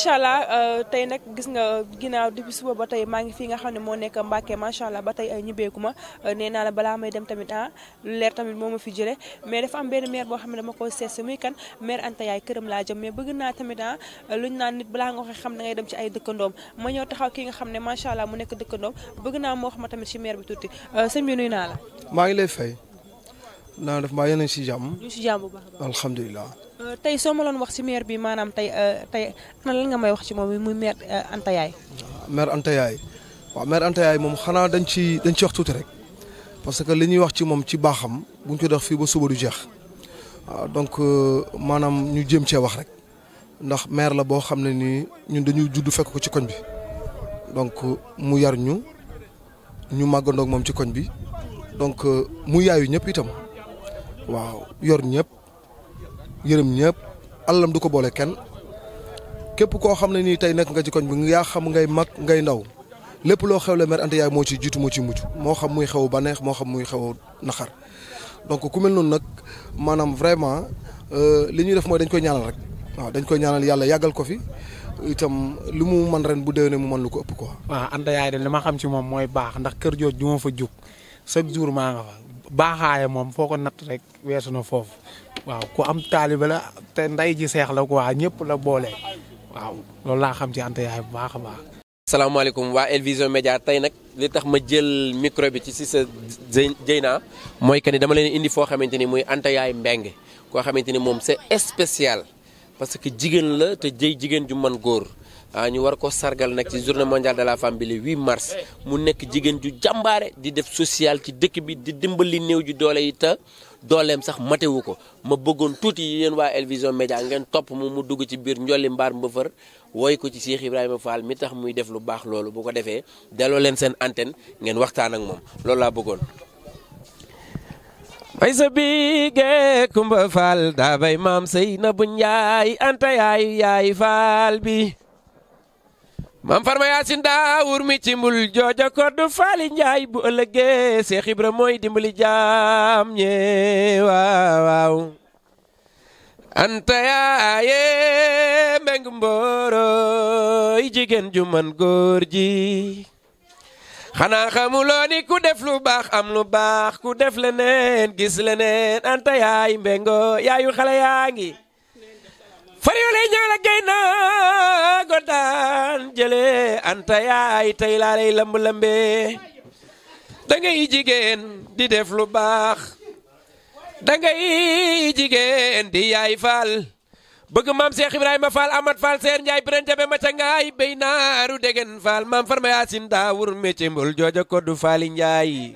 macha allah euh, tey nag gis nga ginnaaw depuis suba ba tey maa ngi fi nga xam ne moo nekk Mbàkke macha allah ba tey euh, ñibbeeku ma euh, nee naa la balaa may dem tamit ah lu leer tamit moo a fi jëlee mais dafa boo xam ne dama ko seet si muy kan maire Anta Yaay këram laa jëm mais bëgg naa tamit ah ñu naan nit balaa nga ko xam da ngay dem ci ay dëkkandoom ma ñëw taxaw ki nga xam ne macha allah mu nekk dëkkandoom bëgg naa moo xam tamit ci maire bi tuuti sëñ bi naa la. maa ngi lay fay. naa def maa yéen si jàmm. ñu si jàmm bu euh, tey soo ma loon wax si maire bi maanaam tey euh, tey lan nga wax ci moom muy maire euh, Anta Yaay. maire Anta Yaay waaw maire moom xanaa dañ ci dañ ci wax tuuti rek parce que li ñuy wax ci moom ci baaxam buñ ko def fii ba suba du jeex donc maanaam ñu jëm cee wax rek ndax maire la boo xam ne nii ñun dañuy judd fekk ko ci koñ bi donc mu yar ñu ñu màggandoog moom ci koñ bi donc mu yaayu ñëpp itam. waaw yor ñëpp yërëm ñëpp àllam du ko boole kenn képp koo xam ne nii tey nekk nga ci koñ bi yaa xam ngay mag ngay ndaw lépp loo xewle Mère Anta Ndiaye moo ci jiitu moo ci mujj moo xam muy xew baneex moo xam muy xew naxar donc ku mel noonu nag maanaam vraiment euh, li ñuy def mooy dañ koy ñaanal rek waaw dañ koy ñaanal yàlla yàggal ko fi itam lu mu man ren bu ne mu mën lu ko ëpp ko waaw Anta Ndiaye de li ma xam ci moom mooy baax ndax kër jooju du ma fa jóg chaque jour maa baaxaaya moom foo ko natt rek weesu na foofu waaw ku am taalibe la te ndey ji seex la quoi ñëpp la boole waaw loolu laa xam ci Anta Yaay bu baax a baax. salaamaaleykum waa El Vision tey nag li tax ma jël micro ci si sa Dieyna mooy que ni dama leen indi foo xamante ni muy Anta Yaay Mbengue koo xamante ni moom c'est spécial parce que jigéen la te jëy jigéen ju man góor. Ah, ñu war ko sargal nag ci journée mondiale de la femme bi le 8 mu nekk jigéen ju jàmbaare di def social ci dëkk bi di dimbali néew ju doole yi te dooleem sax matewu ko ma bëggoon tuuti yéen waa El Vision ngeen topp mu mu dugg ci biir njolli mbaar mbëfër wooy ko ci Cheikh Ibrahima Fall mi tax muy def lu baax loolu bu ko defee delloo leen seen antenne ngeen waxtaan ak moom loolu laa bëggoon. bay sa biigee Kumba Fall daa maam Seynabu Njaay anta mam farma yaasin daawur mi ci mbul jooja ko du faali njaay bu ëllëgee Seex Ibra mooy dimbali jaam ñe waaw waaw anta yaaye mbeng mbooroy jigéen ju man xanaa xamuloo ku def lu baax am lu baax ku def leneen gis leneen anta yaay mbengo yaayu xale yaa ngi fariwale ñaala gay naa jele antaya jële anta yaay tey laa lay lamb lambe da ngay jigen di def lu bax da ngay jigen di yaay fal bëgg mam Cheikh Ibrahima fal Amad fal Seer Njaay Birante be maca ngaay béy naaru degen fal mam Farma Yaasin Daawur métier mbol jooja koddu Faali Njaay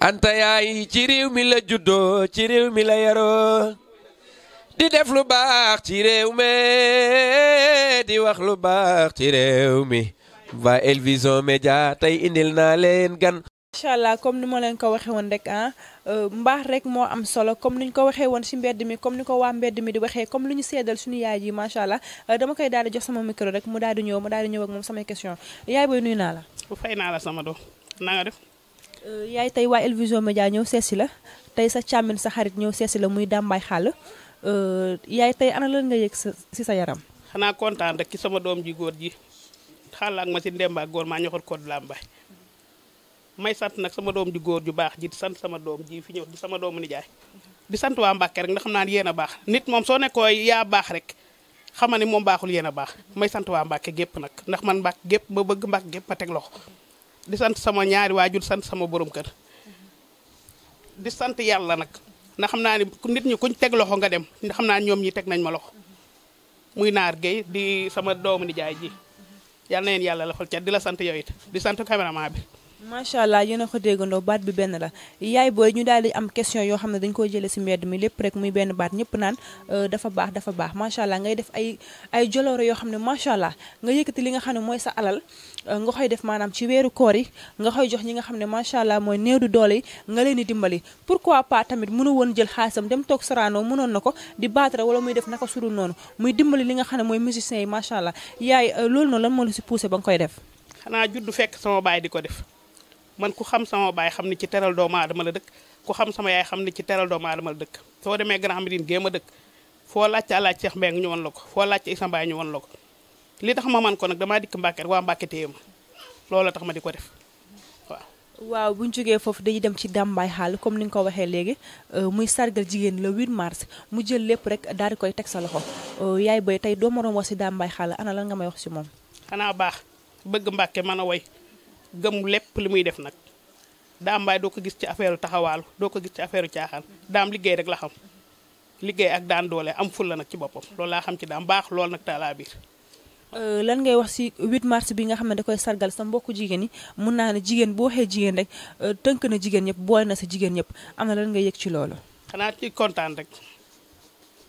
anta yaay ci rew mi la juddo ci rew mi la yaro di def lu baax ci réew mi di wax lu baax ci réew mi va El Vision tey indil naa leen gan. macha allah comme ni ma leen ko waxee woon rek ah euh, mbaax rek moo am solo comme ni ñu ko waxee woon ci mbedd mi comme ni ko waa mbedd mi di waxee comme lu ñu seedal suñu yaay ji macha allah euh, dama koy daal di jox sama micro rek mu daal di ñëw mu daal di ñëw ak moom samay question yaay booy nuyu naa la. fay naa la sama doom na nga def. Euh, yaay tey waa El média Médias ñëw seesi la tey sa càmmin sa xarit ñëw seesi la muy Dame Xàll Eh, yaay tey ana lan nga yëg si sa yaram xanaa kontaan rek ci sama doom ji góor ji xalaat ma ci ndemba góor maa ñoxor kod lambaay may sant nag sama dom ji góor ju ji di sant sama doom ji fi di sama doomu nijaay di sant waa Mbàkke rek ndax xam naa yéen nit moom soo koi yaa baax rek xama mom moom baaxul yéen a baax may sant waa Mbàkke gépp nag ndax man Mbàkke gep ma bëgg Mbàkke gépp a di sant sama ñaari waajur sant sama borom kër di sant yàlla nag ndax xam naa ni nit ñi kuñ teg loxo nga dem xam naa ñoom ñi teg nañ ma loxo muy naar Guèye di sama doomu nijaay ji yal na leen yàlla loxol xol di la sant yow it di sant caméraman bi macha allah yéen a ko déggandoo baat bi benn la yaay booy ñu daal di am question yoo xam ne dañ ko jëlee si mbedd mi lépp rek muy benn baat ñëpp naan euh, dafa baax dafa baax macha allah ngay def ay ay joloore yoo xam ne macha allah nga yëkkati li nga xam ne sa alal euh, nga koy def manam ci weeru koor yi nga koy jox ñi nga xam ne macha allah mooy du doole yi nga leen di dimbali pourquoi pas tamit mënu woon jël xaalisam dem toog saraanoo mënoon na ko di baatara wala muy def naka suru noonu muy dimbali li nga xam ne mooy yi macha allah yaay euh, loolu noonu lan moo la si poussé ba nga def xanaa judd fekk sama baay di ko def man ku xam sama baay xam ne ci teral doomu aadama la dëkk ku xam sama yaay xam ne ci teral doomu aadama la dëkk soo demee Grand Médine géem a dëkk foo laajte alaaj Cheikh Mbengue ñu won la ko foo laajte Issa Mbaye ñu won ko li tax ma man ko nag damaa dikk Mbàkke waa Mbàkke téye ma loola tax ma di ko def waaw waaw bu ñu jógee foofu dañuy dem ci dàmbaay xaal comme ni nga ko waxee léegi euh, muy sargal jigéen le 8 mars mu jël lépp rek daal di koy teg sa loxo euh, yaay bay tey doo moroom wax si dàmbaay xaal ana lan nga may wax si moom xanaa baax bëgg Mbàkke man a woy gëm lépp li muy def nag daam mbaay doo ko gis ci affaire taxawaalu doo ko gis ci affaire caaxaan daam liggéey rek la xam liggéey ak daan doole am ful la nag ci boppam loolu laa xam ci daam lool nag taalaa biir euh, lan ngay wax ci 8 mars bi nga xam ne da koy sargal sa mbokku jigéen yi mun naa ne jigéen boo waxee jigéen rek euh, tënk na jigéen ñëpp boole na sa jigéen ñëpp am na leen nga yëg ci loolu. xanaa ci kontaan rek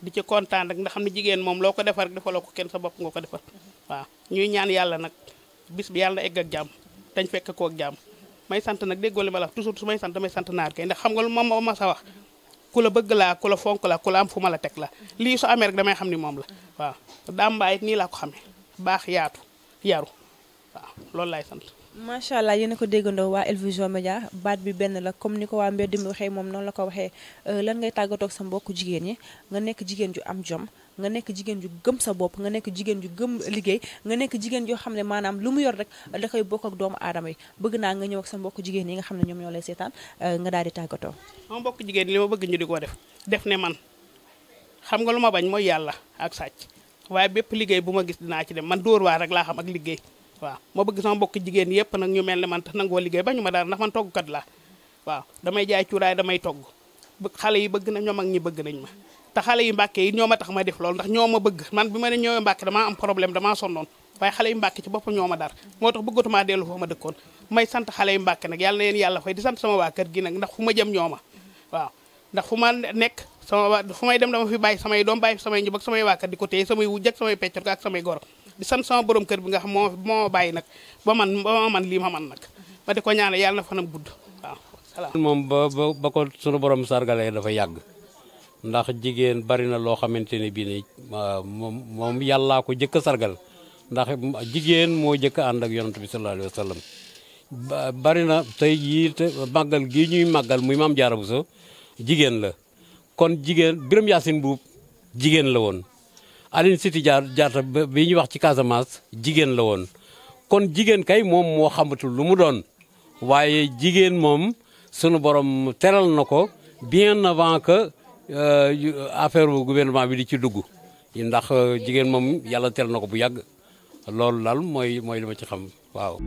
di ci kontaan rek nga xam ne jigéen moom loo ko defar rek defaloo ko kenn sa bopp nga ko defar mm-hmm. waaw ñuy ñaan yàlla nag bis yàlla egg jàmm. dañ fekk ko ak may sant nag déggoo li ma la wax toujours su may sant may sant naar kay ndax xam nga lu ma ma sa wax ku la bëgg laa ku fonk la ku am fu ma la teg la lii su amee rek damay xam ni moom la waaw daam mbaay nii laa ko xamee baax yaatu yaru waaw loolu laay sant macha allah yéen a ko déggandoo waa El Vision baat bi benn la comme ni ko waa mbedd mi waxee moom noonu la ko waxee euh, lan ngay tàggatoo sa mbokku jigéen ñi nga nekk jigéen ju am jom nga nekk jigéen ju gëm sa bopp nga nekk jigéen ju gëm liggéey nga nekk jigéen joo xam ne maanaam lu mu yor rek da koy bokk ak doomu aadama yi naa nga ñëw sa mbokku jigéen yi nga xam ne ñoom ñoo lay seetaan euh, nga daal di tàggatoo. sama mbokku jigéen li ma bëgg ñu di ko def def ne man xam nga lu ma bañ mooy yàlla ak sàcc waaye bépp liggéey bu ma gis dinaa ci dem man dóor waa rek laa xam ak liggéey waaw ma bëgg sama mbokk jigéen yëpp nag ñu mel ne man tax nangoo liggéey ba ñu ma dara ndax man toggkat la waaw damay jaay cuuraay damay togg xale yi bëgg na ñoom ak ñi bëgg nañ ma te xale yi mbàkke yi ma tax ma def loolu ndax ñoo ma bëgg man bi ma ne ñëwee mbàkke damaa am problème damaa sonnoon waaye xale yi mbàkke ci boppam ñoo ma dar moo tax bëggatumaa dellu foofu ma dëkkoon may sant xale yi mbàkke nag yàlla na leen yàlla fay di sant sama waa kër gi nag ndax fu ma jëm ñoo ma waaw ndax fu ma nekk sama fu may dem dama fi bàyyi samay doom bàyyi samay njub ak samay waa di ko téye samay wujj ak samay peccor ak samay goro di sant sama borom kër bi nga xam moo moo bàyyi nag ba man ba man lii ma man nag ma di ko na fanam gudd waaw moom ba ko sunu borom sargalee dafa yàgg ndax jigéen bari na loo xamante ne bii nii moom moom yàllaa ko jëkk sargal ndax jigéen moo jëkk ànd ak yonent bi sallallahu alayhi wa bari na tey jii te gi ñuy màggal muy maam jaara bu so jigéen la kon jigéen biram yaasin buub jigéen la woon Aline Sitoé Diatta bi ñuy wax ci Casamance jigéen la woon kon jigéen kay moom moo xamatul lu mu doon waaye jigéen moom sunu borom teral na ko bien avant que euh, affaire gouvernement bi di ci dugg ndax euh, jigéen moom yàlla teral na ko bu yàgg loolu lal mooy mooy li ci xam waaw.